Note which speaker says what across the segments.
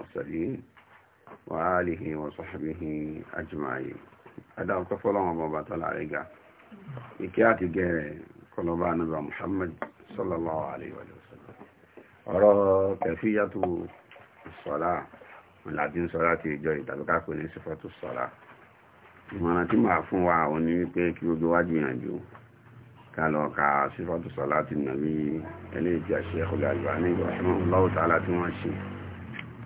Speaker 1: المرسلين وآله وصحبه أجمعين أدام كفر الله وبطل عليك إكياتي جيري قلوبا نبي محمد صلى الله عليه وسلم أرى كفية الصلاة من العدين صلاة الجوي تبقى كوني صفة الصلاة ìmọ̀ràn tí màá fún wa àwọn ní wípé kí gbogbo wá gbìyànjú ká lọ ka sífàtù sọ̀lá ti nàbí ẹlẹ́jì àṣẹ ọ̀gá àgbà ní ìgbà ṣẹ́mọ̀ láwùtà láti wọ́n ṣe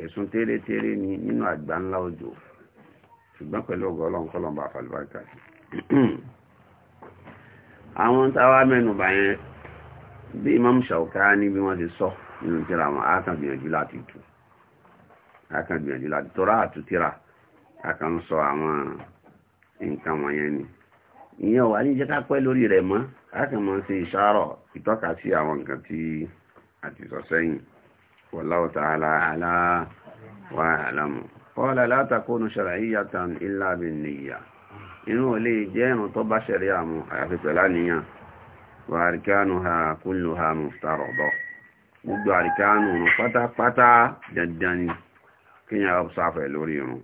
Speaker 1: ẹ̀sùn tẹ́rẹ́tẹ́rẹ́ ni nínú àgbà ńlá òjò ṣùgbọ́n pẹ̀lú ọgọ́ ọlọ́run kọ́lọ́n bá falùbáríkà sí àwọn táwa mẹ́nubà yẹn bí Imam Shawkani bí wọ́n ti sọ nínú tíra wọn a kàn gbìyànjú láti tú a kàn gbìyànjú láti tọ́ra àtútíra a kàn sọ àwọn nǹkan wọ̀nyẹn ni ìyẹn wà ní jẹ́ pẹ́ lórí rẹ̀ mọ́ a kàn mọ́ sí ìṣàrọ̀ ìtọ́ka sí àwọn nǹkan tí a ti sọ sẹ́yìn والله تعالى أعلى وأعلم قال لا تكون شرعية إلا بالنية إنه لي جين طب شريعة في سلانية وأركانها كلها مفترضة gbogbo àríkánù ọ̀nà pátápátá dandan ni kí ni àwọn sáfẹ̀ lórí irun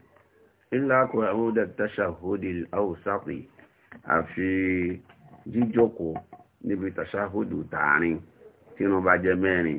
Speaker 1: ilá kò àwọ́dà tàṣàhódì àwòsáfì àfi jíjókòó níbi tàṣàhódù tààrin tí wọ́n bá jẹ́ mẹ́rin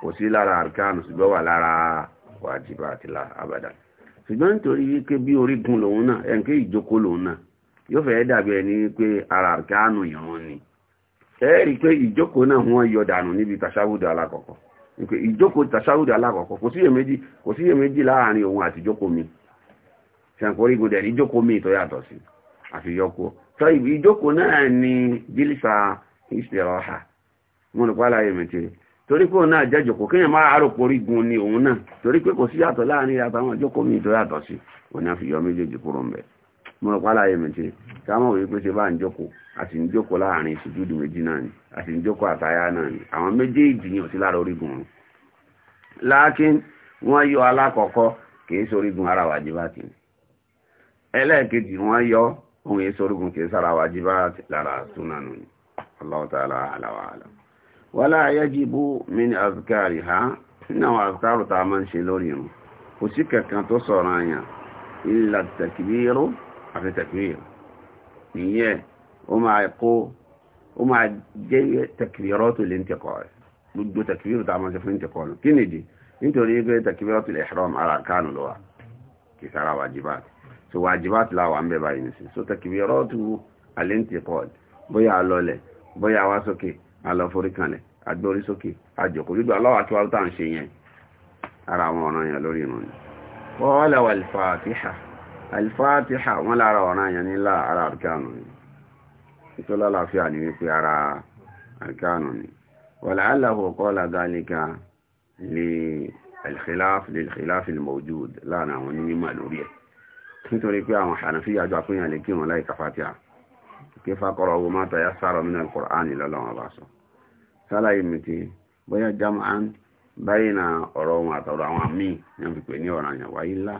Speaker 1: kò sí lára àrùkánù ṣùgbọ́n wà lára wàjìbà àti àbàdà ṣùgbọ́n nítorí wípé bí orígun lòun náà ẹnkẹ́ ìjókòó lòun náà yóò fẹ́ dàbí ẹni pé ara àrùkánù ìran ni ẹ rí i pé ìjókòó náà wọ́n yọ dànù níbi tàṣáwùdù alákọ̀ọ́kọ́ ìjókòó tàṣáwùdù alákọ̀ọ́kọ́ kò síyèméjì kò síyèméjì láàrin òun àti mi ṣàǹkó orígun dẹ̀ ní mi tó yàtọ̀ sí tó náà ìṣẹ̀rọ̀ mo torí pé òun náà jẹ́ jòkó kéèyàn máa àárò porí gun ni òun náà torí pé kò sí yàtọ̀ láàrin àtàwọn ìjókòó mi tó yàtọ̀ sí òun náà fi yọ méjèèjì kúrò ń bẹ̀ mo rò pálá yẹmi tí ká mọ̀ wí pé ṣe bá ń jókòó àti ń jókòó láàrin ìṣùjúdù méjì náà ni àti ń jókòó àtayá náà ni àwọn méjèèjì yìí ò sí lára orígun òun lákín wọ́n yọ alákọ̀ọ́kọ́ kìí sorígun ara wàjíbáàtì ẹlẹ́ẹ̀kejì wọ́n yọ ohun èso orígun kìí sára wàjíbáàtì lára súnánù ni Allahu ta'ala àlàwà àlàwà wọ́lá ayẹ́jìbú min azkari ha náwọn azkaru ta ma ń ṣe lórí rùn kò sí kankan tó sọ̀rọ̀ àyàn ilà tẹ̀kìbírú àfi tẹ̀kìbírú ìyẹ́ ó máa kó ó máa jẹ́ tẹ̀kìbírọ́ tó lè ń tẹ̀kọ́ gbogbo tẹ̀kìbírú ta ma ṣe fún tẹ̀kọ́ nù kí nìdí nítorí so wajibat láwà ń bẹ báyìí nìsín so tẹ̀kìbírọ́ tó alẹ́ ń tẹ̀kọ́ bóyá lọlẹ̀ alọ́forí kanlẹ̀ agbórí sókè àjòkó gbígbà aláwà tí wọ́n tà ń ṣe yẹn ara àwọn ọ̀ràn yẹn lórí ìrun ni wọ́n lẹ́wọ̀ alifatiha alifatiha wọ́n lára ọ̀ràn yẹn nílá ara àrùkánù ni tó lálàáfíà ní wípé ara àrùkánù ni wọ́n làálàáfò qala dhalika lè alkhilaf lè alkhilaf al-mawjud láàrin àwọn onímọ̀ lórí ẹ̀ nítorí pé àwọn Hanafiya àjọ àpéyàn lè kírun láì ka kí fakọrọ owó mọ́ta yá sára min al-Qur'ani lọ́lọ́wọ́ bá sọ sálàyé mi ti bóyá jam'an báyìí na ọ̀rọ̀ ohun àtọ̀rọ̀ àwọn àmì yẹn fi pè ní ọ̀rọ̀ àyàn wáyé ńlá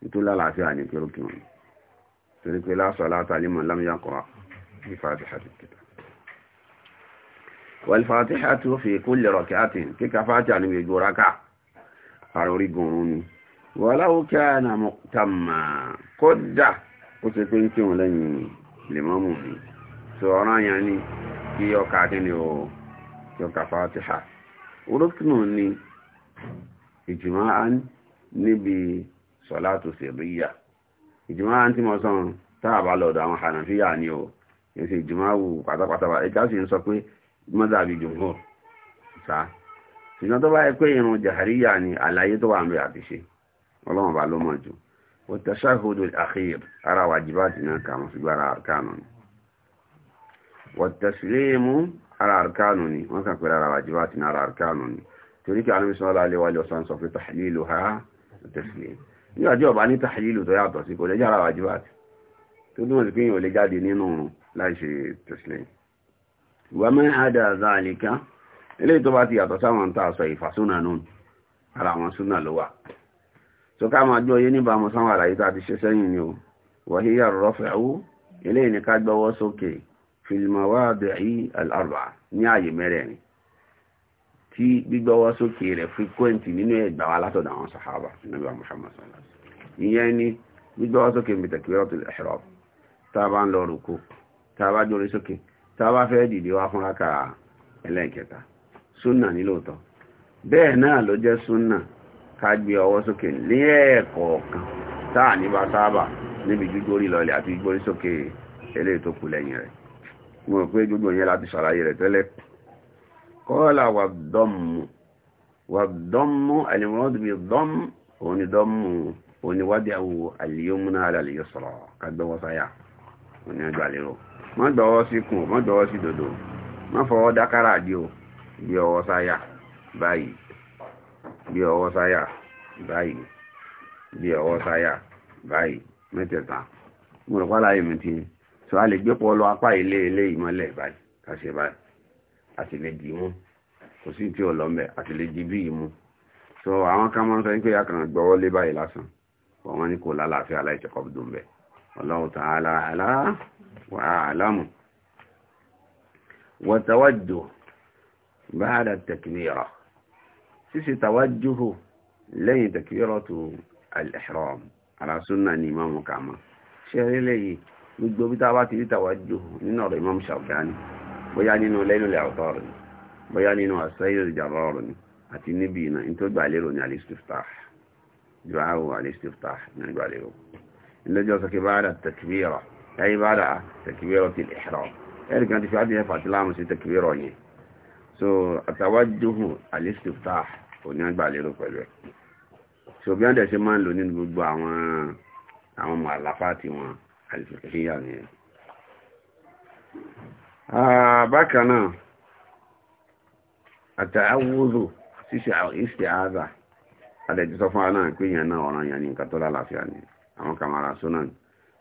Speaker 1: nítorí lálàáfíà ní pẹ̀lúkì wọn torí pé la salata liman lam yaqra bi fatihatil kitab wal fatihatu fi kulli rak'atin kíkà fàtí àní gbogbo rákà àròrí gùnrún ni walau kana muqtamma kódà ó ti pé ń kírun lẹ́yìn lèmọ́mù mi sọ̀rọ̀ àyàn ni kí ọkà kí ni o yóò ka fatiha rúknù ni ìjìmáà níbi sọ̀látù sirriya ìjìmáà tí mo sọ táàbà lọ́dọ̀ àwọn hànàfíyà ni o èsì ìjìmáà wù pátápátá ìjà sì ń sọ pé mọ́dàbí jùmọ̀ sáà ṣùgbọ́n tó bá yẹ pé irun jahariya ni àlàyé tó wà ń bẹ àti ṣe ọlọ́run bá ló mọ̀ jù ó tẹ̀ṣáhùdù àkíyèr ara wàjibá ti náà kà mọ́ ṣùgbọ́n ara kánù ni wọ́n tẹ̀sílẹ̀ mú ara àrùkánù ni wọ́n kà pẹ̀lú ara wàjíbá àti ara àrùkánù ni torí kí alómi sọ́lá alẹ́ wájú ọ̀sán sọ pé tàhílìlù ha tẹ̀sílẹ̀ nígbà tí ọba ní tàhílìlù tó yàtọ̀ sí kò lè jára wàjíbá àti tó túnmọ̀ sí pé èèyàn lè jáde nínú láì ṣe tẹ̀sílẹ̀ ìwà mẹ́ àdá zàlìkà eléyìí tó bá ti yàtọ̀ sáwọn tá a sọ ìfàsúnà nù ara àwọn súnà ló wà tó ká máa jó oyé níbàámu sáwọn àlàyé tá a ti ṣe sẹ́yìn ni o wàhíyà rọ́fẹ̀ẹ́wó eléyìí ni ká gbọ́wọ́ sókè fìlìmọ̀wádìí alárùbá ní ààyè mẹ́rẹ̀ẹ̀rin tí gbígbọ́wọ́ sókè rẹ̀ fíkwẹ́ntì nínú ẹgbà wa látọ̀dọ̀ àwọn sàhábà nàbí Muhammad sallallahu alaihi wasallam ìyẹn ni gbígbọ́wọ́ sókè bitakbiratul ihram tá a bá ń lọ rúkú tá a bá jórí sókè tá a bá fẹ́ dìde wá fúnra ka ẹlẹ́ẹ̀kẹta súnà nílòótọ́ bẹ́ẹ̀ náà ló jẹ́ súnà ká gbé ọwọ́ sókè lẹ́ẹ̀kọ̀ọ̀kan táà ní bá sábà níbi gbígbórí lọlẹ̀ àti gbígbórí sókè eléyìí tó kù lẹ́yìn rẹ̀ mo pé gbogbo yẹn láti ṣàlàyé rẹ̀ tẹ́lẹ̀ kọ́ọ̀lá wà dọ́mù wà dọ́mù alimọ́dúnmí dọ́mù òní dọ́mù òní wádìí àwò àlìyómúná àlàlìyó sọ̀rọ̀ kagbọ́wọ́ sáyà òní ọjọ́ àlérò má dọ́wọ́ sí kùn má dọ́wọ́ sí dòdò má fọwọ́ dákàrà àdí o bí ọwọ́ sáyà báyìí bí ọwọ́ sáyà báyìí bí ọwọ́ sáyà báyìí mẹ́tẹ̀ẹ̀ta mo rò pálá yìí mi ti so a lè gbé pọlọ apá ilé ilé ìmọ́lẹ̀ báyìí kàṣẹ báyìí a sì lè dì í mú kò sí tí ò lọ mẹ́ a sì lè dì bí ìmú so àwọn kan máa ń sọ pé akàn gbọ́wọ́ lé báyìí lásán wọ́n ní kò lálàáfíà aláìsẹ̀kọ́ dùn bẹ́ẹ̀ Allahu ta'ala wa a'lamu wa tawajjuh ba'da at-takbira sísè tawajjuhu lẹ́yìn takbiratu al-ihram ala sunna ní ìmáàmù kàmá ṣe rí gbogbo bí tá a bá ti rí tàwájú nínú ọ̀rọ̀ Imam Shafi'ani bóyá nínú Laylul Awtar ni bóyá nínú As-Sayrul Jarrar ni àti níbi iná ní tó gbà lérò ní al-istiftah du'a al-istiftah ní gbà lérò ìlẹ́jọ́ sọ́kè ba'da takbira ẹ̀yí ba'da takbiratil ihram ẹ̀rì kan ti fi àti ẹ̀fà tí láàmù sí takbira yẹn so àtàwájú al-istiftah kò ní àlìfẹ̀kẹ́yà ni ẹ̀ bákan náà àtàwòrò ṣíṣe ìṣẹ́ àádà àdẹ̀jọ́ sọ fún aná ìpínyàn náà ọ̀ràn yẹn ní nǹkan tó lálàáfíà ni àwọn kàmàrà sónà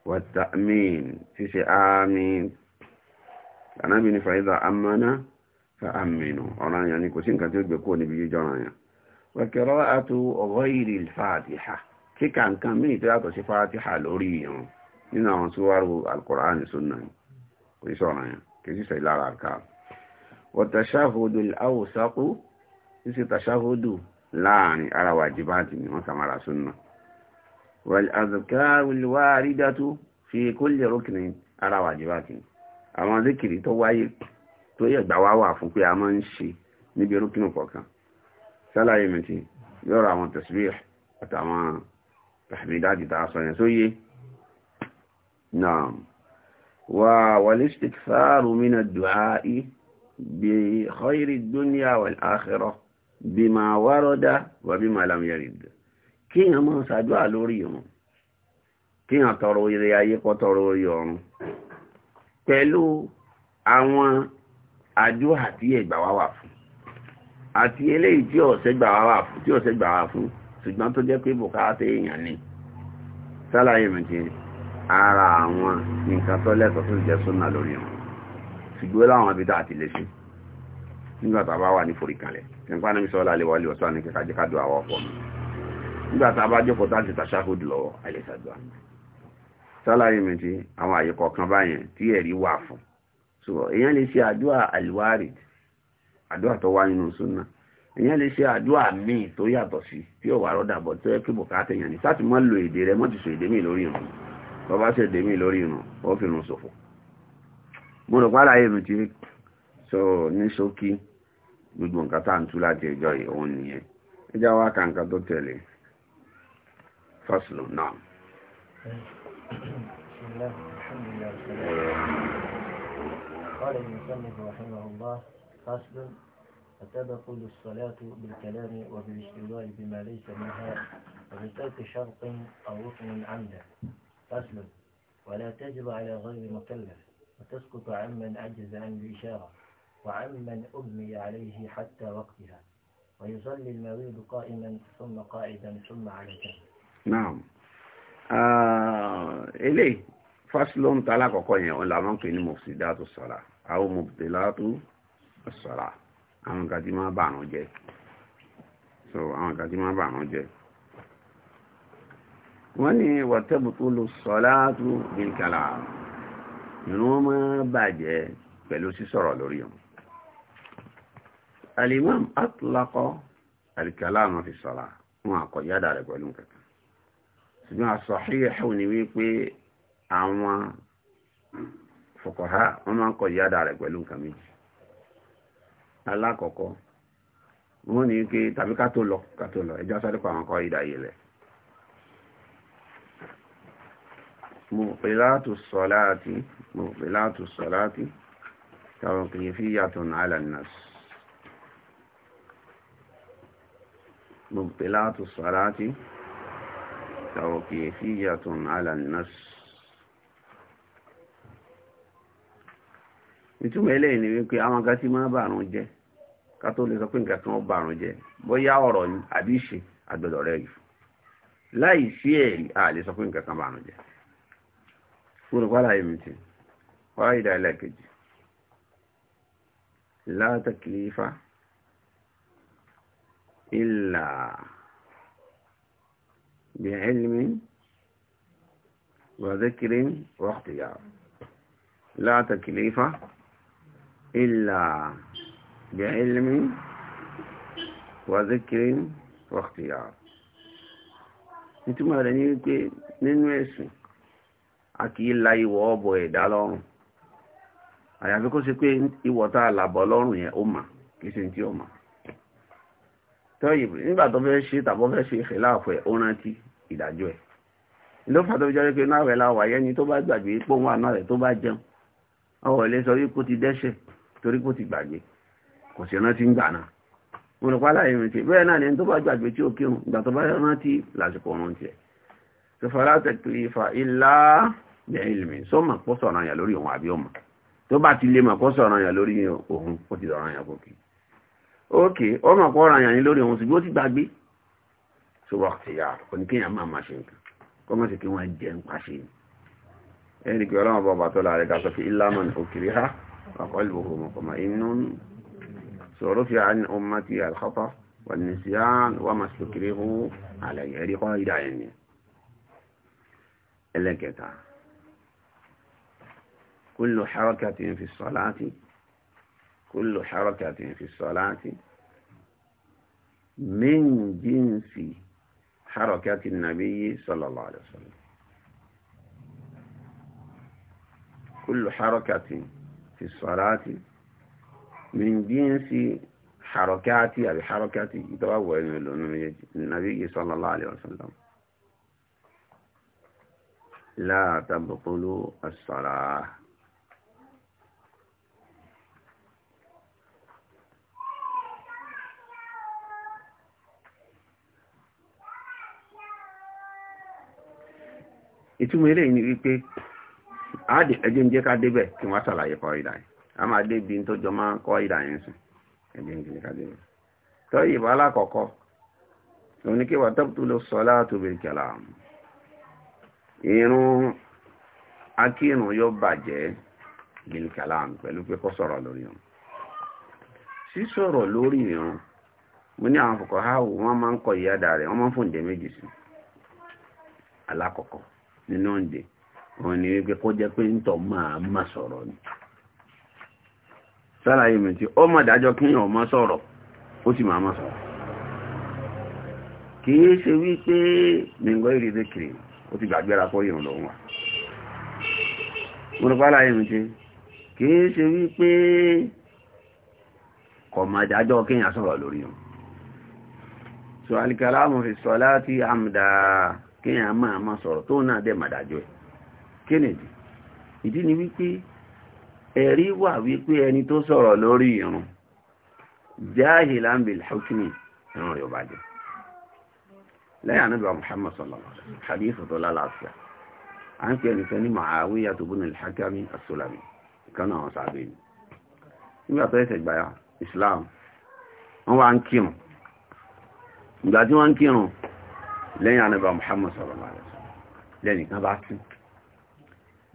Speaker 1: wàtàmín ṣíṣe àmín anábì ní fàídà amáná fa àmìnù ọ̀ràn yẹn ni kò sí nǹkan tí ó gbé kó níbi jíjọ́ ọ̀ràn yẹn wàkẹ̀rọ̀ nínú àwọn tó wárò alkùránì súnà kò sọ̀rọ̀ yẹn kì í sẹ̀ lára ká wọ́tàṣáhódù àwòsákú síse tàṣáhódù láàrin ara wàjíbáàtì ni wọ́n samara súnà wal azkaru alwaridatu fi kulli rukni ara wàjíbáàtì àwọn zikiri tó wáyé tó yẹ gbà wá wà fún pé a máa ń ṣe níbi rúkínù kọ̀ọ̀kan sálàyé mìtì yọ̀rọ̀ àwọn tasbih àtàwọn tàbí dájì tá a sọ yẹn sóyé نعم والاستكثار من الدعاء بخير الدنيا والآخرة بما ورد وبما لم يرد كي ما سادوا لوريهم كي أتروا إليه وتروا يوم pẹ̀lú àwọn àjò àti ẹgbà wá wà fún àti eléyìí tí ọ̀sẹ̀ gbà wá wà fún tí ọ̀sẹ̀ gbà wá fún ṣùgbọ́n tó jẹ́ pé bùkátà èèyàn ni sálàyé mẹ́tìrì ara àwọn nǹkan tó lẹ́tọ̀ tó jẹ́ súnà lórí wọn ṣùgbọ́n láwọn abidá àti léṣe nígbà tá a bá wà ní foríkanlẹ̀ nípa ní sọ́ọ́lá lè wọlé ọ̀sán ní kíkà jẹ́ká dùn àwọn ọ̀pọ̀ mi nígbà a bá jókòó tá a ti tàṣáhùd lọ́wọ́ àyẹ̀sàdùn àmì sálàyé mi ti àwọn àyè kọ̀ọ̀kan báyẹn tí ẹ̀rí wà fún so èèyàn lè ṣe àdúrà àlùwárì àdúrà tó wá nínú súnà èèyàn lè ṣe àdúrà míì tó yàtọ̀ sí tí ò wà rọ́dà bọ̀ tó yẹ kí bùkátà ní sátìmọ́ lo èdè rẹ mọ́ ti sọ èdè míì lórí ìrùn bọ́bá ṣe dèmí lórí ìrùn ó fi rùn ṣòfò pàdà ìrùn tí sọ ní ṣókí gbogbo nǹkan tá ń tú láti ẹjọ́ òun nìyẹn ẹjá wá ka nǹkan tó tẹ̀lé fásilò náà قال المصنف رحمه الله فصل فتدخل الصلاة بالكلام وبالاشتغال بما ليس منها وبترك شرط أو ركن عمدا أسلم ولا تجب على غير مكلف وتسقط عمن عجز عن الإشارة وعمن أغمي عليه حتى وقتها ويصلي المريض قائما ثم قاعدا ثم على جنب نعم آه، إليه فصل طلاق قوي ولا ممكن مفسدات الصلاة أو مبطلات الصلاة أنا قديم ما بانو àwọn سو أنا àwọn ما بانو bà wọ́n ní wàtẹ́bùtò lò sọ́láàtù ìkàlà ìrún ọmọ bàjẹ́ pẹ̀lú sísọ̀rọ̀ lórí wọn alimam atulakọ alikala wọn fi sọ̀la wọn àkọ̀yádà rẹ̀ pẹ̀lú kankan ṣùgbọ́n àsọ̀híhù ni wípé àwọn fọkọ̀há wọn máa ń kọ̀yádà rẹ̀ pẹ̀lú nǹkan méjì alákọ̀ọ́kọ́ wọ́n ní pé tàbí ká lọ ká lọ ẹjọ́ sáré mọ̀fẹ́látù sọ́láàtì mọ̀fẹ́látù sọ́láàtì tàwọ̀kìyẹ fi yàtọ̀ alànàs mọ̀fẹ́látù sọ́láàtì tàwọ̀kìyẹ fi yàtọ̀ alànàs ìtumọ̀ eléyìí ni wípé àwọn kan tí máa bàrùn jẹ́ ká tó lè sọ pé nǹkan kan bàrùn jẹ́ bóyá ọ̀rọ̀ àbí ìṣe àgbẹ̀dọ̀ rẹ̀ yìí láì sí ẹ̀rí a lè sọ pé nǹkan kan bàrùn jẹ́ olùkọ́lá yìí mìtì wáyé ìdá ẹlẹ́kejì látàkìlífà ìlà bìhílmi wàzíkiri wàhtìyà látàkìlífà ìlà bìhílmi wàzíkiri wàhtìyà nítorí wọ́n rẹ̀ ní wípé nínú ẹ̀sùn a kì í la ìwọ̀ ọbọ̀ ẹ̀dá lọ́rùn àyàfi kó ṣe pé ìwọ̀ tá a làbọ̀ lọ́rùn yẹn ó mà kì í ṣe tí ó mà tọ́yìn nígbà tó fẹ́ ṣe tàbọ́ fẹ́ ṣe ìfẹ́láàfẹ́ ó rántí ìdájọ́ ẹ̀ ló fà tó fi jọ́rí pé náà rẹ̀ la wà yẹ́ni tó bá gbàgbé pòun àná rẹ̀ tó bá jẹun ọwọ́ ilé sọ wípé kó ti dẹ́ṣẹ̀ torí kó ti gbàgbé kò sí rántí ń gbà náà mo rò pálá ìrìn tí bẹ́ẹ̀ náà ni tó bá gbàgbé tí ó kírun ìgbà tó bá rántí lásìkò ọ̀run tiẹ̀ tó fara tẹ̀kìlì fa ilá lẹ́ ilmi sọ́mà pọ́ sọ̀rọ̀ àyàn lórí òun àbí ọmọ tó bá ti lè mọ̀ pọ́ sọ̀rọ̀ àyàn lórí òun ó ti sọ̀rọ̀ àyàn gòkè ókè ọmọ pọ́ ọ̀rọ̀ àyàn lórí òun ṣùgbọ́n ó ti gbàgbé ṣùgbọ́n ti yà oníkéyàn máa máa ṣe nǹkan kọ́ mọ̀ sí kí wọ́n jẹ́ ń pàṣẹ ẹni pé ọlọ́run bọ́ bàtọ́ láàrẹ̀ ká sọ fi ìlànà òkèrè ha ọ̀pọ̀lọpọ̀ mọ̀kànmá كل حركة في الصلاة كل حركة في الصلاة من جنس حركة النبي صلى الله عليه وسلم كل حركة في الصلاة من جنس حركاتي يعني أو حركاتي النبي صلى الله عليه وسلم لا تبطلوا الصلاة ìtumọ̀ eléyìí ni wípé ẹjẹ́ ń jẹ́ ká débẹ̀ kí wọ́n ṣàlàyé kọ́ ìdá a máa débi tó jọ máa kọ́ ìdá yẹn sùn ẹjẹ́ ká débẹ̀ tọ́ ìbá alákọ̀ọ́kọ́ òní kí wà tọ́pù tó lọ sọ láàtò kẹlà irun akírun yóò bàjẹ́ bèrè kẹlà pẹ̀lú pé kó sọ̀rọ̀ lórí irun sísọ̀rọ̀ lórí irun mo ní àwọn fòkọ̀ háwù wọ́n máa ń kọ ìyá dà rẹ̀ nínú ọ̀dẹ̀ wọn ni wípé kó jẹ́ pé ń tọ́ máa má sọ̀rọ̀ ni sálàyé mi tí ó mọ̀ dájọ́ kí èèyàn má sọ̀rọ̀ ó sì máa má sọ̀rọ̀ kì í ṣe wípé mìngọ́ ìrìndé kiri ó ti gbàgbéra kó yìí lòun wà mo rò pálàyé mi tí kì í ṣe wípé kò mọ̀ dájọ́ kí èèyàn sọ̀rọ̀ lórí wọn sọ alikalamu fi sọ láti àmdàá kéèyàn máa máa sọ̀rọ̀ tó náà dẹ̀ màdájọ́ ẹ̀ kennedy ìdí ni wípé ẹ̀rí wà wípé ẹni tó sọ̀rọ̀ lórí irun jahilan bil hukmi ẹ̀rùn rẹ̀ ọba jẹ́ lẹ́yìn anábìá muhammad sallallahu alaihi wasallam hadith tó lálàáfíà à ń pè ẹnìkan ní Muawiya ibn al-Hakami as kan náà wọn sábẹ́ mi nígbà tó ẹsẹ̀ gbà islam wọn wá ń kírun ìgbà tí wọ́n ń kírun lẹ́yìn anábà Muhammad sallallahu alaihi wasallam lẹ́yìn kan bá sín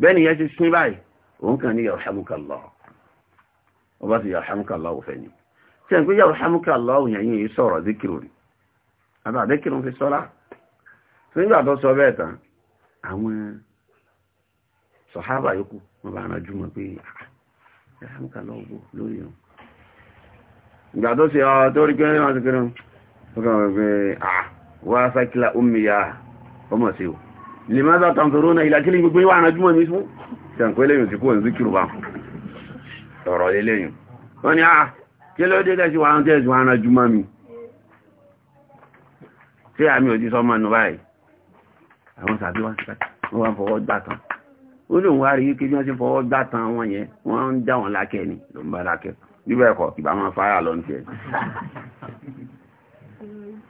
Speaker 1: bẹ́ẹ̀ nìyẹn ti sín báyìí òun kàn ní yarhamukallah ó bá ti yarhamukallah òfẹ́ ni tí ẹ̀gbẹ́ yarhamukallah òyìn yìí sọ̀rọ̀ díkìrò ni àbá díkìrò fi sọ́lá nígbà tó sọ bẹ́ẹ̀ tán àwọn sọ̀hábà yòókù wọn bá rán jùmọ̀ pé ah, yarhamukallah ògbó lórí wọn ìgbà tó ṣe ọ tó rí kí wọ́n ti kí wọ́n wá sákìlá omi ya ọmọ sí o lè máa zàtàn tọrọ náà ìlàkílì gbogbo ìwà àrájúmọ̀ ní fún ṣàǹkó eléyìn tí kò ń zíkìrù bá ọ̀rọ̀ eléyìn wọ́n ni àà ah, kí ló dé tẹ́sí wọ́n tẹ́sí wọ́n àrájúmọ̀ mi tí àmì òjí sọmọ nù báyìí àwọn sàbí wọ́n wọ́n fọwọ́ gbà tán ó lóun wá rí kí wọ́n ti fọwọ́ gbà tán wọn yẹn wọ́n ń dá wọn lákẹ́ ni ló ń bá lákẹ́ bíbẹ̀ ẹ̀kọ́ ìbá fáyà lọ́ntẹ́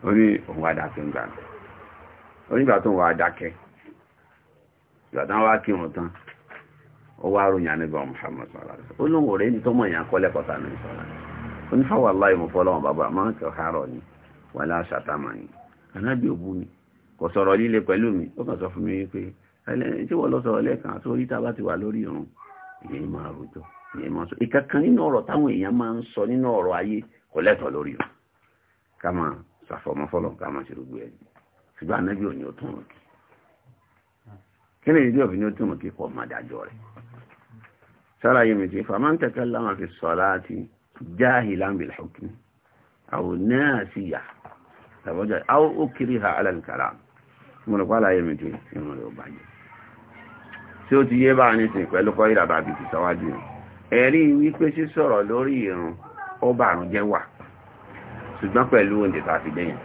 Speaker 1: oní òun adákẹ́ ńgbà onígbà tó wà adákẹ́ wá kí wọn tán ó wá ròyìn àníbà Muhammad sọ́lá ó rẹ̀ ní tọ́mọ̀ èèyàn kọ́ lẹ́kọ̀ọ́ta ní sọ́lá onífàwọ̀ aláìmọ̀ fọ́lọ́wọ̀n bàbá máa ni anábì òbú ni kò líle mi ó kàn sọ fún mi tí lọ tó rí tábà ti wà lórí irun ìyẹn máa ìyẹn máa sọ ìkankan nínú táwọn èèyàn máa ń sọ nínú ayé kò ṣàfọ̀mọ́ fọ́lọ̀ ká máa ṣe gbogbo ẹ̀ ṣùgbọ́n anábì ò ní ó túnrùn kí kí ni ìdí òfin ní ó túnrùn kí pọ̀ máa dájọ́ rẹ̀ sára yìí mìtì fàmà ń tẹ̀kẹ́ láwọn fi sọ̀rọ̀ àti jahilan bil hukm aw nasiya tàbọ́jà aw ukriha ala al kalam mo rò pàlà yìí mìtì ìmọ̀ rẹ̀ ò bàjẹ́ tí ó ti yé bá ní sìn pẹ̀lú kọ́ ìdàbà bìtì sáwájú ẹ̀rí wípé sísọ̀rọ̀ lórí ìrun ó bàrún jẹ́ wà ṣùgbọ́n pẹ̀lú oúnjẹ tá a fi dẹ́yìn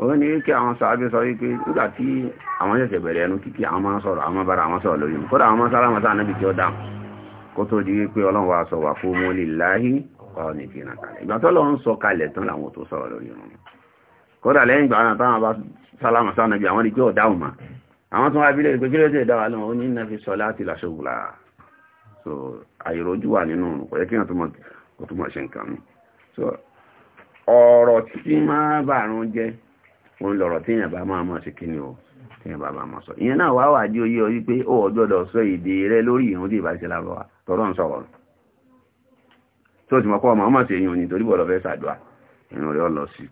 Speaker 1: òun ni wípé àwọn sàábí sọ wípé nígbà tí àwọn ṣẹ̀ṣẹ̀ bẹ̀rẹ̀ ẹnu kíkí àwọn máa ń sọ̀rọ̀ àwọn bára àwọn sọ̀rọ̀ lórí mi kódà àwọn máa ń sálámà sáà níbi tí ó dáhùn kó tó di wípé ọlọ́run wa sọ wà fún mo lè láyé ọ̀rọ̀ ní fi ràn kalẹ̀ ìgbà tó lọ ń sọ kalẹ̀ tán làwọn tó sọ̀rọ̀ lórí wọn kódà lẹ́yìn ìgbà táwọn bá sálámà sáà níbi àwọn ìjọ dáhùn mà àwọn tó wá bí lẹ́yìn pé kí so àìrójú wà nínú kò yẹ kí wọ́n tó so ọ̀rọ̀ tí máa bàrún jẹ́ o lọ̀rọ̀ tí èèyàn máa kí ni o tí èèyàn máa sọ ìyẹn náà wà wà jí oyé ọ pé ó ọjọ́dọ̀ sọ èdè rẹ lórí ìhun tí ìbáṣe lábọ́ tọ́rọ̀ ń sọ̀rọ̀ torí fẹ́ lọ sí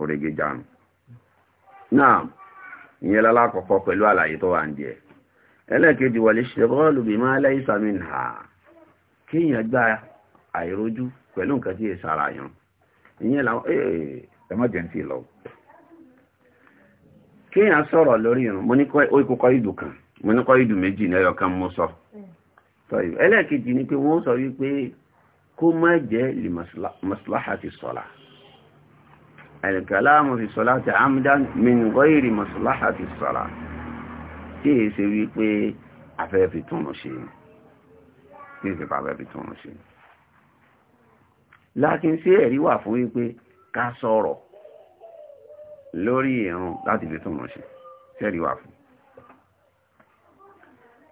Speaker 1: orége jánu náà ìyẹn lálákọ̀ọ́kọ́ pẹ̀lú àlàyé tó wà ń jẹ ẹlẹ́ẹ̀kejì wà lè ṣe bọ́ọ̀lù bí máa gba àìrójú pẹ̀lú nǹkan tí ìyẹn làwọn eh, ẹmọ́jẹ̀ǹtì lọ kíyàn sọ̀rọ̀ lórí irun mo ní kọ́ ìdù kan mo ní kọ́ ìdù méjì ní ẹyọ kan mo sọ ẹlẹ́ẹ̀kejì ni pé wọ́n sọ wípé kó má jẹ́ lè maslaha ti sọ̀la alkalamu fi salati amdan min ghairi maslahati as-salah tí è ṣe wípé afẹ́fẹ́ túnú ṣe ní ìsẹ̀fẹ́ afẹ́fẹ́ túnú ṣe lákin ṣé ẹ̀rí wà fún wípé ká sọ̀rọ̀ lórí ìrun láti fi túnrun ṣe ṣẹ́rí wà fún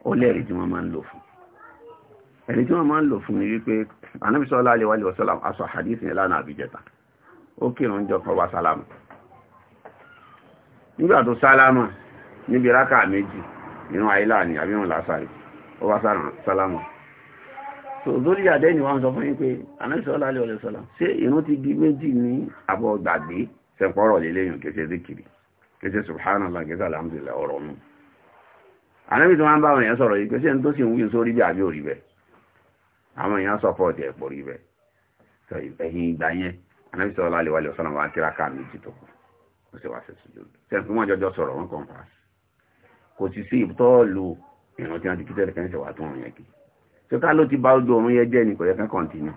Speaker 1: ó lẹ́rìí tí wọ́n máa ń lò fún ẹ̀rí tí wọ́n máa ń lò fún ni wípé Ànábì sallallahu alaihi wa sallam aṣọ hadith yẹn lánàá àbíjẹta ó kírun jọ kan wá sálámù nígbà tó sálámù níbi rákà méjì ìrun àìlà ni àbí ìrun làásàrì ó wá sálámù so lórí àdẹ́ ni wọ́n sọ fún yín pé anẹ́sọ́lá alẹ́ ọ̀lẹ́sọ́lá ṣé ìrun ti di méjì ní àbọ̀ gbàgbé sẹ́pọ̀rọ̀ lélẹ́yìn kéṣe zikiri kéṣe subhanallah kéṣe alhamdulillah ọ̀rọ̀ nù anẹ́bí tí wọ́n ń bá àwọn èèyàn sọ̀rọ̀ yìí kéṣe tó sì ń wí sórí bí àbí òrí bẹ́ àwọn èèyàn sọ fọ́ọ̀tì ẹ̀pọ̀ rí bẹ́ ẹ̀yìn ìgbà yẹn anẹ́bí sọ̀rọ̀ alẹ́ wàlẹ́ ọ̀sán wa tiraka méjì tó kù ó sì wá sí sùjú sẹ́ńtì wọ́n jọjọ sọ̀rọ̀ wọn kàn tó ká ló ti bá ojú oorun yẹn jẹ́ ní kò yẹ kán kọ̀ǹtínú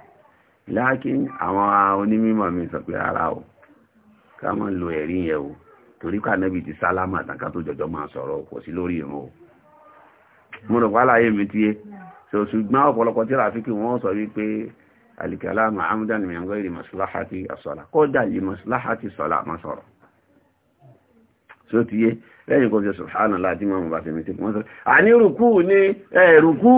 Speaker 1: lákín àwọn onímọ̀ mi sọ pé ara o ká mọ́ lo ẹ̀rí yẹn o torí ká nẹ́bi ti sálámà àtàkà tó jọjọ́ máa sọ̀rọ̀ kò sí lórí ìrun o mo rò wálá yé mi tiye ṣùgbọ́n ọ̀pọ̀lọpọ̀ tí ràfíkì wọ́n sọ wípé alìkàlá mahamudan mẹ́ngọ́ ìrì maslahati asọ́la kódà lè maslahati sọ́la máa sọ̀rọ̀ tí ó ti yé lẹ́yìn kó fi subhanallah tí wọ́n mú bá fi mi tí wọ́n sọ àní rùkú ní ẹ̀rùkú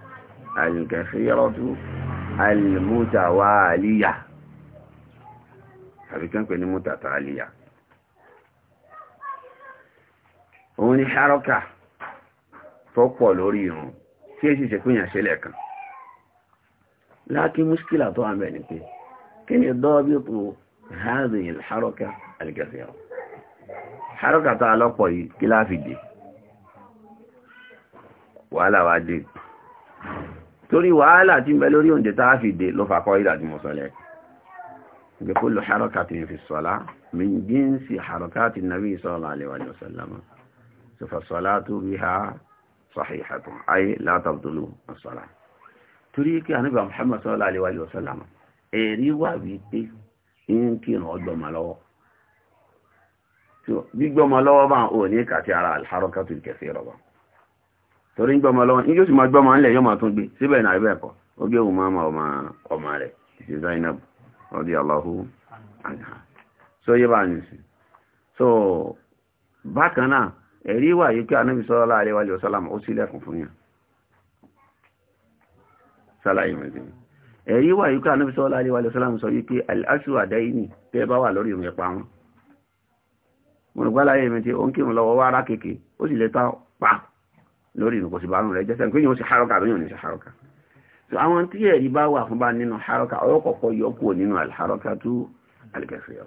Speaker 1: alìkẹ̀ṣẹ́yọ́rọ́tú alìmútàwà àlìyà àbí kán pè ní mútàtà àlìyà òun ni ṣárọ́kà tó pọ̀ lórí ìrun tí èsì ṣẹ̀kúnyàn ṣẹlẹ̀ kan láàkí múṣkílà tó àmẹ́ ni pé kí ni dọ́ọ̀bípò hadhihi al-haraka al ṣárọ́kà tó alọ́pọ̀ yìí kí láàfìdè wàhálà wá dé torí wàhálà tí ń bẹ lórí oúnjẹ tá a fi dé ló fàkọ́ ìdàjú mọ̀sọ̀lẹ̀ ìgbẹ́ kó lọ harakati fi sọ́lá min jíǹsì harakati nàbí sọ́lá àlewàlẹ̀ ọ̀sọ̀lámà sọfà sọ́lá tó bí ha sahihatun ayé látàbdùlù ọ̀sọ̀lá torí kí anábà Muhammad sọ́lá àlewàlẹ̀ ọ̀sọ̀lámà èrí wà wípé torí ń gbọ́mọ lọ́wọ́ ní yóò sì máa gbọ́mọ ńlẹ̀ yóò máa tún gbé síbẹ̀ náà ibẹ̀ kọ́ ó gbé òun máa ọmọ ọmọ rẹ̀ ìṣe Zainab ọdí aláhù àgbà so yé bá so bákan náà ẹ̀rí wà yìí kí anábì sọ́rọ́ láàrin wájú ọ̀sálàmù ó sílẹ̀ kún fún yàn sálàyé ẹ̀rí wà yìí kí anábì sọ́rọ́ láàrin ọ̀sálàmù sọ wípé aṣù àdáyìnì tẹ́ bá wà lórí òun wọn ara kéèké ó lórí ìrùkọ̀ sí bàánù rẹ̀ jẹ́sẹ̀ pé yóò ṣe haroka lóyún ní ṣe haroka so àwọn tí ẹ̀rí bá wà fún bá nínú haroka ọyọ́kọ̀kọ́ yọkù nínú alharoka tú alìkẹsẹ̀ yọ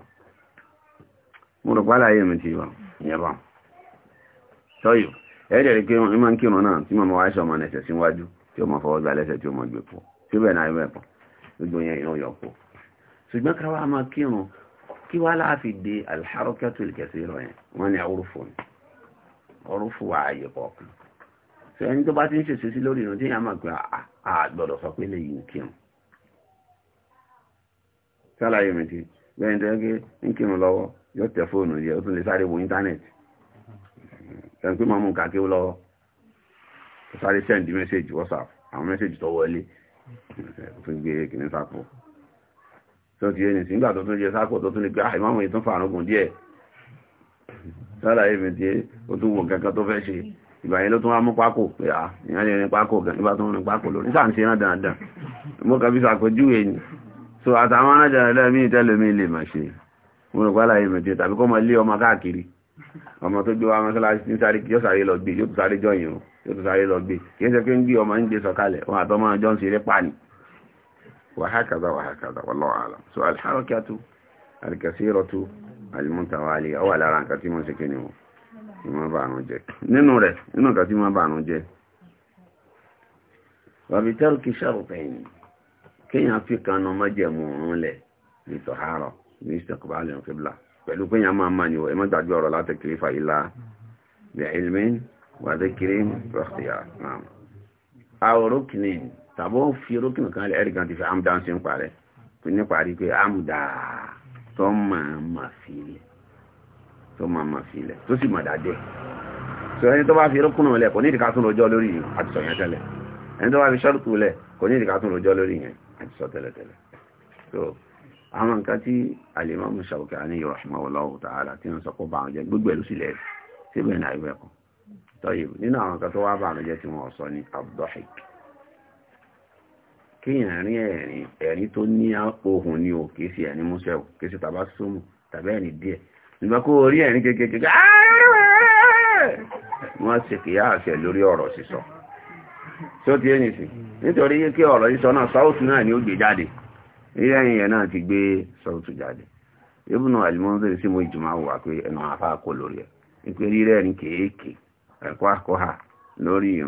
Speaker 1: mo rò pálá yé mi ti wà ìyẹn bá sọyọ ẹ̀rẹ̀ rí pé wọ́n máa ń kírun náà tí mo máa ṣe ọmọ ẹsẹ̀ síwájú tí ó máa fọwọ́ gba lẹ́sẹ̀ tí ó máa gbé pọ̀ síbẹ̀ náà ẹ̀rọ gbogbo yẹn ìran yọ pọ̀ ṣùgbọ́n káwá máa kírun kí wá láàfin de alharoka tó lè kẹsẹ̀ yẹn wọ́n ní àwòrán fún ọ̀rọ̀ fún wa ààyè kọ̀ọ̀kan ṣe ẹni tó bá ti ń ṣèṣe sí lórí ìrántí yàn máa gbà àgbọ̀dọ̀ sọ pé lèyìn kírun sálàyé mi ti bẹ́ẹ̀ tó yẹ ń kírun lọ́wọ́ yóò tẹ fóònù yẹ ó tún lè sáré wo íńtánẹ̀tì ẹni pé máa mú nǹkan kéwú lọ́wọ́ ó sáré sẹ́ndì mẹ́sẹ̀jì wọ́sàp àwọn mẹ́sẹ̀jì tó wọlé fún gbé kìnní sápò tó ti yé ní sí nígbà tó tún yẹ sápò tó tún lè gbé àìmáwòye tó fàánù gùn díẹ̀ sálàyé mi ti ó tún wo nǹkan kan tó fẹ́ ṣe ìbàyẹ̀ ló tún wá mú pákò pé à ah, ìyàn lè rin pákò gan nígbà tó ń rin pákò lórí sáà ń ṣe rán dandan mo kàbí sàpèjúwe ni so àtàwọn rán dandan mí tẹ́lẹ̀ mí lè mà ṣe mo rò pálá yìí mẹ̀jẹ̀ tàbí kọ́ mọ ilé ọmọ káàkiri ọmọ tó gbé wa mọ́sálásí ní sáré yóò sáré lọ gbé yóò tún sáré jọyìn o yóò tún sáré lọ gbé kì الكثيرة المتوالية أولا رانكتي من سكينه ìmọ̀ bàánú jẹ́ nínú rẹ̀ nínú ìkà tí mọ̀ bàánú jẹ́ wàbí tẹ́rù kí sàrùpẹ̀yìn kéèyàn fi kanu májẹ̀mú òun lẹ̀ ní tọ̀hárọ̀ ní ìsìnkúbálẹ̀ òkèbla pẹ̀lú kéèyàn máa máa ní ẹ̀ má gbàgbé ọ̀rọ̀ láti kiri fa ìlà bí ilmi wà dé kiri pé amúdá máa máa fi rí tó máa ma fi ilẹ̀ tó sì mọ̀ dájú so ẹni tó bá fi rúkúnù lẹ̀ kò ní ìdíkà tún lójọ́ lórí yẹn àti sọ yẹn tẹ́lẹ̀ ẹni tó bá fi ṣọ́rùkù lẹ̀ kò ní ìdíkà tún lójọ́ lórí yẹn àti sọ tẹ́lẹ̀ tẹ́lẹ̀ so àwọn nǹkan tí Al-Imam Shawkani rahimahullahu ta'ala tí wọ́n sọ pé bá àwọn jẹ gbogbo ẹ̀lú sílẹ̀ síbẹ̀ ní àìwẹ̀ kan tọ́yìn nínú àwọn nǹkan tó wá bá àwọn jẹ tí wọ́n sọ ní abdulhik kíyàn rí ẹ̀rín ẹ̀rín tó ní ohun ni ò kìí ìgbà kó orí ẹ̀rin kékeré wọ́n ṣe kìí àṣẹ lórí ọ̀rọ̀ sísọ tí ó ti ẹni sí nítorí kí ọ̀rọ̀ sísọ náà sáwùtù náà ni ó gbé jáde ilé ẹ̀yìn yẹn náà ti gbé sáwùtù jáde ibùnà àlùmọ́ńdé sí mo ìjùmọ̀ wà pé ẹnu àfa kò lórí ẹ̀ ìpè kéèké ẹ̀kọ́ àkọ́hà lórí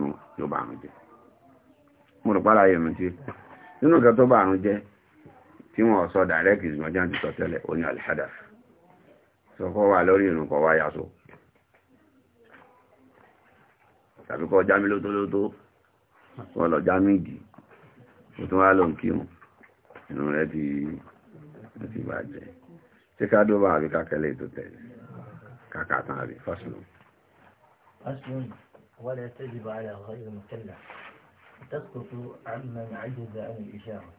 Speaker 1: sọkọ wà lórí ìrùn kọ wá yasọ tàbí kọ jámí lótó lótó wọ́n lọ jámí ìdì ó tún wá lọ ń kírun inú rẹ̀ ti ti bàjẹ́ tí ká dóbà àbí kákẹ́lẹ̀ tó tẹ̀lé kàkàtàn àbí fásilò ولا تجب على غير مكلف تسقط عمن عجز عن الإشارة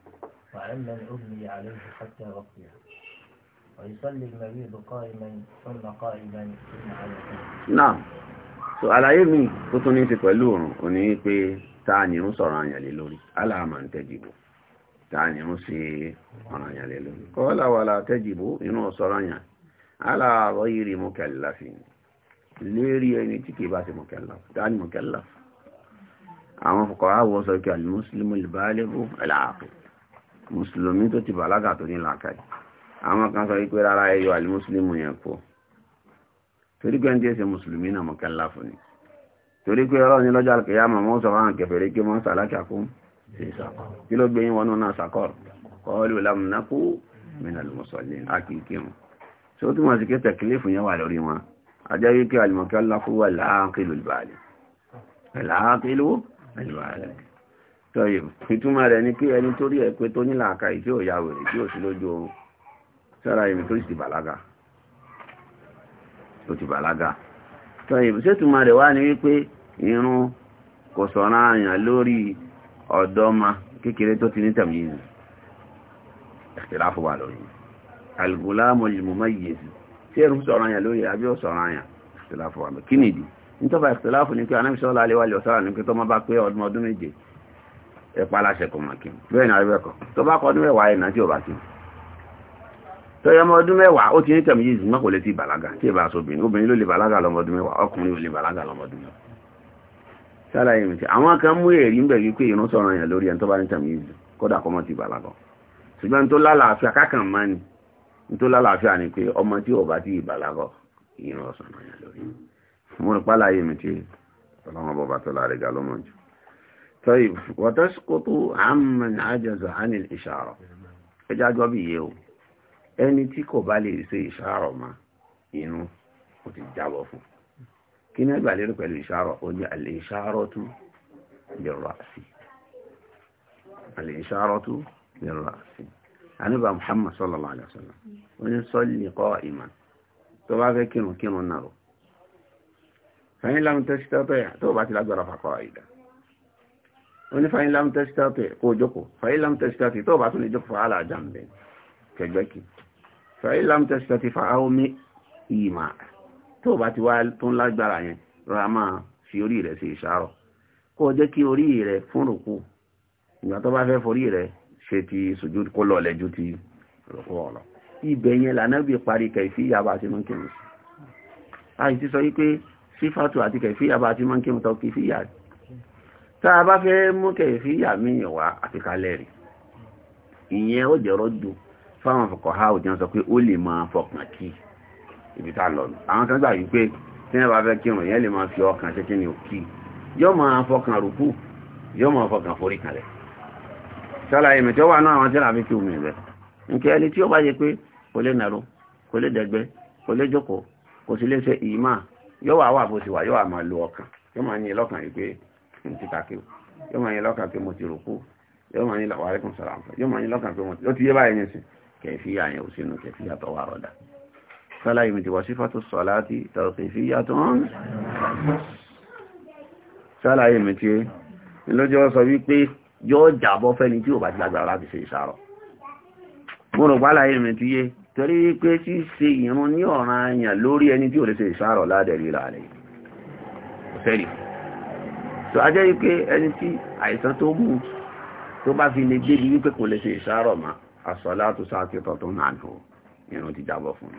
Speaker 1: وعمن أبني عليه حتى ربها ويصلي المريض قائما ثم قائما ثم على نعم so àlàyé mi tó tún ní ti pẹ̀lú òrùn ò ní pé táà ní ń sọ̀rọ̀ àyàn lé lórí aláàmà ń tẹ́jìbò táà ní ń ṣe ọ̀rọ̀ àyàn lé lórí kọ́lá wà láà tẹ́jìbò inú sọ̀rọ̀ àyàn aláàrọ̀ yìí rí mukallafin lérí ẹni tí kìí àwọn kan sọ wípé rárá ẹyọ alimusulimu yẹn kú torí pé ń tí èsè mùsùlùmí náà mọ̀kẹ́lá fún ni torí pé ọlọ́run ní lọ́jọ́ àkẹyà màmọ́ sọ fáwọn kẹfẹ̀rẹ́ kí wọ́n sàlákà kún kí ló gbé yín wọnú náà sàkọ́rọ̀ kọ́ọ̀lù lámùnákú mìíràn lùmọ̀sọ̀lẹ̀ àkìkí wọn tí ó túmọ̀ sí pé tẹ̀kílẹ̀ fún yẹn wà lórí wọn ajẹ́ wípé àlùmọ̀kẹ́lá fún wà láàkìlù ìbàlẹ̀ láàkìlù ìbàlẹ̀ tọ́yìn ìtumọ̀ rẹ̀ ni pé ẹni torí ẹ pé tó ní sára ìbí tó ti bàlágà tó ti bàlágà tó ìbí sẹ́tùmọ̀ rẹ̀ wá ní wípé irun kò sọ̀rọ̀ àyàn lórí ọ̀dọ́mà kékeré tó ti ní tàmíyìí ìtìláfù wà lórí alìgùnláàmù ìmúmáyèsì tí ẹrù sọ̀rọ̀ àyàn lórí àbí ó sọ̀rọ̀ àyàn ìtìláfù wà lórí kí nìdí nítọ́bà ìtìláfù ní pé anábìsọ́lá aléwàlẹ̀ ọ̀sára ní pé tọ́ máa bá pé ọdún ọdún méje ẹ̀pá aláṣẹ kọ̀mọ̀kì bẹ́ẹ̀ ni àríwẹ̀kọ̀ tó bá kọ́ ọdún mẹ́wàá ẹ̀ náà tí ò bá kí tọ́yọ ọmọ ọdún mẹ́wàá ó ti ní tẹ̀mí yìí mọ́ lè ti bàlágà tí ìbá aṣọ obìnrin obìnrin ló lè bàlágà lọ́mọ ọdún mẹ́wàá ọkùnrin ò lè bàlágà lọ́mọ ọdún mẹ́wàá sára ìrìn tí àwọn kan mú èrí ń bẹ̀ wípé ìrún sọ̀rọ̀ yẹn lórí ẹni tó bá ní tẹ̀mí yìí kódà kọ́mọ ti bàlágà ṣùgbọ́n tó lálàáfíà kákan máa ni tó lálàáfíà ni pé ọmọ tí ò ẹjá gbọ́ bí yé o ẹni tí kò bá lè ṣe ìṣàrọ̀ ma inú kò ti jábọ̀ fún kí ní ẹgbà lérò pẹ̀lú ìṣàrọ̀ ó ní àlè ìṣàrọ̀ tú lè rọ̀ sí àlè ìṣàrọ̀ tú lè rọ̀ sí àníbà Muhammad sallallahu alaihi wasallam ó ní sọ́lì kọ́ ìmà tó bá fẹ́ kírun kírun náà rò fẹ́yìn lámù tó bá ti lágbára fàkọ́ fẹ̀rí lámtẹ́sítẹ́ ti fa aomi ìmà tó bá ti wá tó ń lágbára yẹn rọra máa fi orí rẹ̀ ṣe ìṣàrọ̀ kó o jẹ́ kí orí rẹ̀ fún rùkú ìgbà tó bá fẹ́ forí rẹ̀ ṣe ti sùjú kó lọ lẹ́jú ti rùkú ọ̀lọ́ ibẹ̀ yẹn lànàbì parí kẹfì yaba àti mọ́kìmù àyè ti sọ wípé sífàtù àti kẹfì yaba àti mọ́kìmù tó kì í fìyà tá a bá fẹ́ mú kẹfì yà mí ìwà àti kalẹ̀ ìyẹn ó jẹ́rọ́ dùn fáwọn fọkànhá òjò sọ pé ó lè máa fọkàn kí ibi ta lọ àwọn kan gbà wípé tí wọ́n bá fẹ́ kírun yẹn lè máa fi ọkàn ṣe kí ni ò kí yóò máa fọkàn rúkú yóò máa fọkàn forí kalẹ̀ ṣàlàyé mi tí ó wà náà àwọn tí làbí kí omi rẹ̀ ẹni tí ó bá yẹ pé kò lè nàró kò lè kò lè jókòó kò sì lè ṣe ìmá yóò wà wà bó ti wà yóò wà máa lo ọkàn yóò máa ní lọ́kàn yìí pé n ti yóò máa lọ́kàn pé mo ti yóò máa lọ́kàn pé mo ti yé كيفية يعني ò كيفية kẹfíyà فلا يمت وصفة الصلاة mi فلا يمت sífàtò sọ̀láti tàkìfíyà tó ń sálàyé mi ti lójọ́ sọ wípé yóò jàbọ́ fẹ́ni tí ò bá gbàgbà láti ṣe ìṣàrọ̀ mo rò pálàyé mi ti yé torí wípé ṣíṣe ìrun ní ọ̀ràn àyàn lórí ẹni tí ò lè ṣe ìṣàrọ̀ ládẹ̀rí lálẹ́ sẹ́rì tó ajẹ́ wípé ẹni tí àìsàn tó mú tó bá fi lè débi wípé kò lè ṣe ìṣàrọ̀ máa as-salatu saqitatun anhu ìrun ti jábọ́ fún un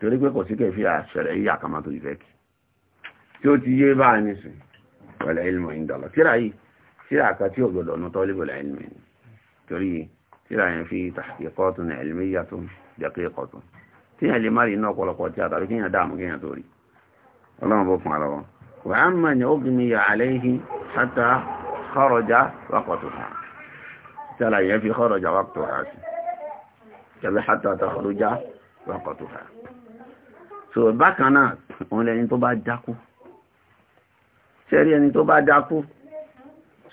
Speaker 1: torí pé kò sí kẹfí àṣẹrẹ yíyà kama tó ìfẹ́ kí tí ó ti yé bá a nísìn wal ilmu indallah tíra yìí tíra kan tí ò gbọdọ̀ ọ̀nà talibul ilmi ni torí tíra yẹn fi tahqiqatun ilmiyyatun daqiqatun tí yẹn lè má rí iná ọ̀pọ̀lọpọ̀ tí a tàbí kíyàn dáàmú kíyàn tó sára yẹn fi kharaja waqtuha sí tẹ̀lé hatta takhruja waqtuha so bákan náà òun lẹni tó bá dákú sẹ́rí ẹni tó bá dákú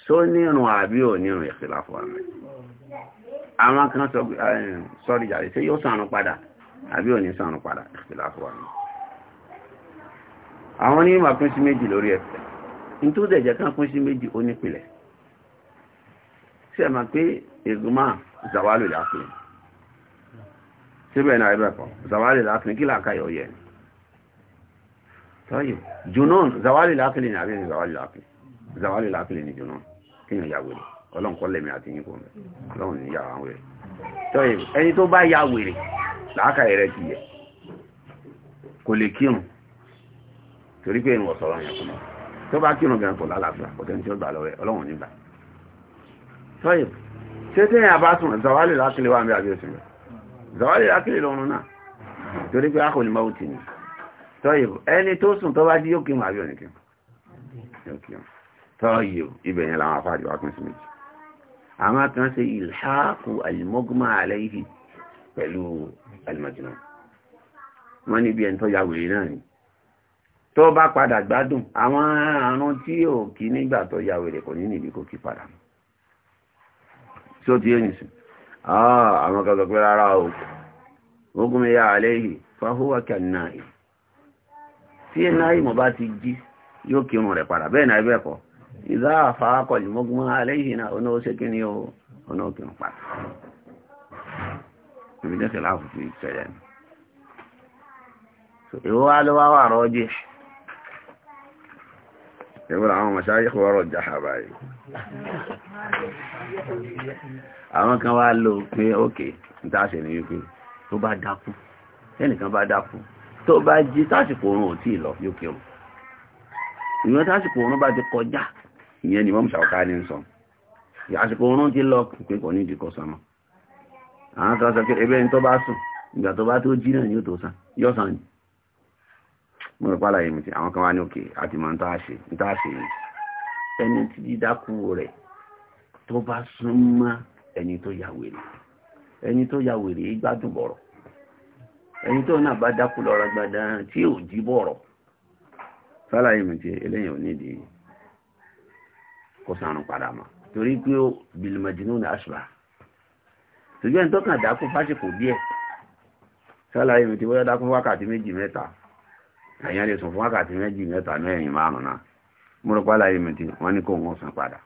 Speaker 1: só nírun àbí ò nírun ikhtilafu àmì àwọn kan sọ sọ́rí jàre ṣé yóò sànù padà àbí ò ní sànù padà ikhtilafu àmì àwọn onímọ̀ pín sí méjì lórí ẹ̀fẹ̀ nítorí ẹ̀jẹ̀ kan pín sí méjì ó sí ẹ̀mà pé ìgbìmọ̀ ìzàwálò ìlàkùnrin síbẹ̀ náà ẹ̀bẹ̀ kan ìzàwálò ìlàkùnrin kí làákà yọ yẹ tọ́yìn junon ìzàwálò ìlàkùnrin ni àbí ìzàwálò ìlàkùnrin ìzàwálò ìlàkùnrin ni junon kí yàn yàwó rẹ̀ ọlọ́run kọ́ lẹ́mí àti yín kò mẹ́ ọlọ́run ní yàwó àwọn rẹ̀ tọ́yìn ẹni tó bá yà wèrè làákà rẹ̀ ti yẹ kò lè kírun torí pé ìrùn ọ̀sọ̀rọ̀ yẹn kò tó bá kírun gan tọ́yìn ṣé tí èèyàn bá sùn zawali lákìlì wà ń bí àbíọ́sùn rẹ̀ zawali lákìlì lọ́run náà torí pé akọni máa ti ní tọ́yìn ẹni tó sùn tó bá jí yóò kí màá bí òní kí tọ́yìn ibẹ̀ yẹn làwọn afáàdì wá pín sí méjì àwọn kan ṣe ìlhàkù àlìmọ́gùnmá àlẹ́yìí pẹ̀lú àlìmọ́jìnà wọ́n ní bí ẹni tó ya náà ni tó bá padà gbádùn àwọn àrùn tí ò kí nígbà tó ya kò ní níbi kò kí padà mọ́ tí ó ti yé nìsín ah, àwọn kan pé rárá o ogun mi yá àléhì fáhúwà kí ànínáì tí náì mọ̀ bá ti jí yóò kírun rẹ̀ padà bẹ́ẹ̀ náà ibẹ̀ kọ́ àfáàkọ̀ mọ́ náà kí ni o padà ìwọ̀n àwọn mọ̀ṣáyíkò ọ̀rọ̀ jáhàbá yìí àwọn kan wá lò pé ókè ìtaṣẹ̀ ní wípé tó bá dákú ẹnìkan bá dákú tó bá jí tásìkò oorun ò tí ì lọ yóò kírun ìwọ̀n tásìkò oorun bá ti kọjá ìyẹn ni wọ́n ṣàwọ́ká ní sọ àsìkò oorun ti lọ pé kò ní ìdíkọ̀ sọmọ àwọn kan sọ pé ebe ní tó bá sùn ìgbà tó bá tó mo rò pàlàyé mi ti àwọn kan wá ní òkè àti mọ̀ níta ṣe níta ṣe yìí ẹni tí dídákú rẹ̀ tó bá súnmọ́ ẹni tó ya wèrè ẹni tó ya wèrè gbádùn bọ̀rọ̀ ẹni tó náà bá dákú lọ́rọ̀ gbadán tí ò jí bọ̀rọ̀ pàlàyé mi ti eléyìí ò nídìí kó sànù padà mọ́ torí pé ó bìlìmọ̀jìnú ní àṣùbà ṣùgbọ́n tó kàn dákú fásitì díẹ̀ sálàyé mi ti wọ́n dákú wákàtí méjì mẹ́ta èèyàn lè sùn fún wákàtí méjì mẹ́ta mẹ́rin márùn náà múrùpálá ìmìtì wọ́n ní kó wọ́n san padà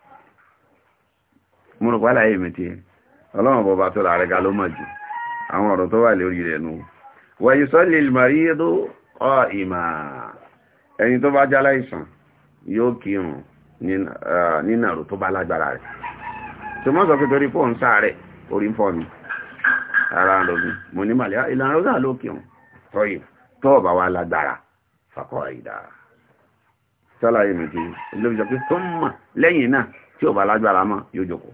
Speaker 1: múrùpálá ìmìtì ọlọ́run bọba tó la rẹ̀ga ló mọ̀ jù àwọn ọ̀rọ̀ tó wà lórí rẹ̀ nù wọ́n yìí sọ lè ọ ìmà ẹni tó bá jálá yóò kírun nínà ọ̀rọ̀ tó bá lágbára rẹ̀ tó mọ́ sọ pé torí fóun sáré orí fọ́ mi ara lómi mo ní màlẹ́ ìlànà ó dà lókè tọ́yì tọ́ọ̀bà wa lágbára fàkọ̀ọ̀ìdà sálàyé mi ti olóòjọ́ pé tó mọ̀ lẹ́yìn náà tí ò bá lágbára mọ́ yóò jókòó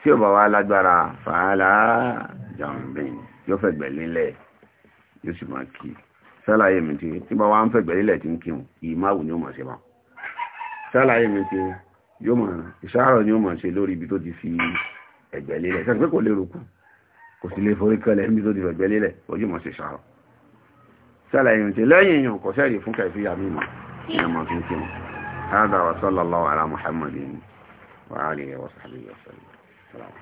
Speaker 1: tí ò bá wá lágbára fàálà jàmbìn yóò fẹ̀gbẹ̀ lélẹ̀ yóò sì máa kí sálàyé mi ti tí bá wá ń fẹ̀gbẹ̀ lélẹ̀ tí ń kí wọn yìí máa wù ní òmọ̀ sí wọn sálàyé mi ti yóò mọ̀ ìṣàárọ̀ ni ó mọ̀ ṣe lórí ibi tó ti fi ẹ̀gbẹ̀ lélẹ̀ sẹ́ni pé kò lérò kù kò sì mọ̀ sálàyé ń ṣe lẹ́yìn èèyàn kò sẹ́rì fún kẹfí àmìmọ̀ ìyàmọ̀ fi ń kí wọn hádà wa sallallahu ala muhammadin wa alihi wa sahbihi wa sallam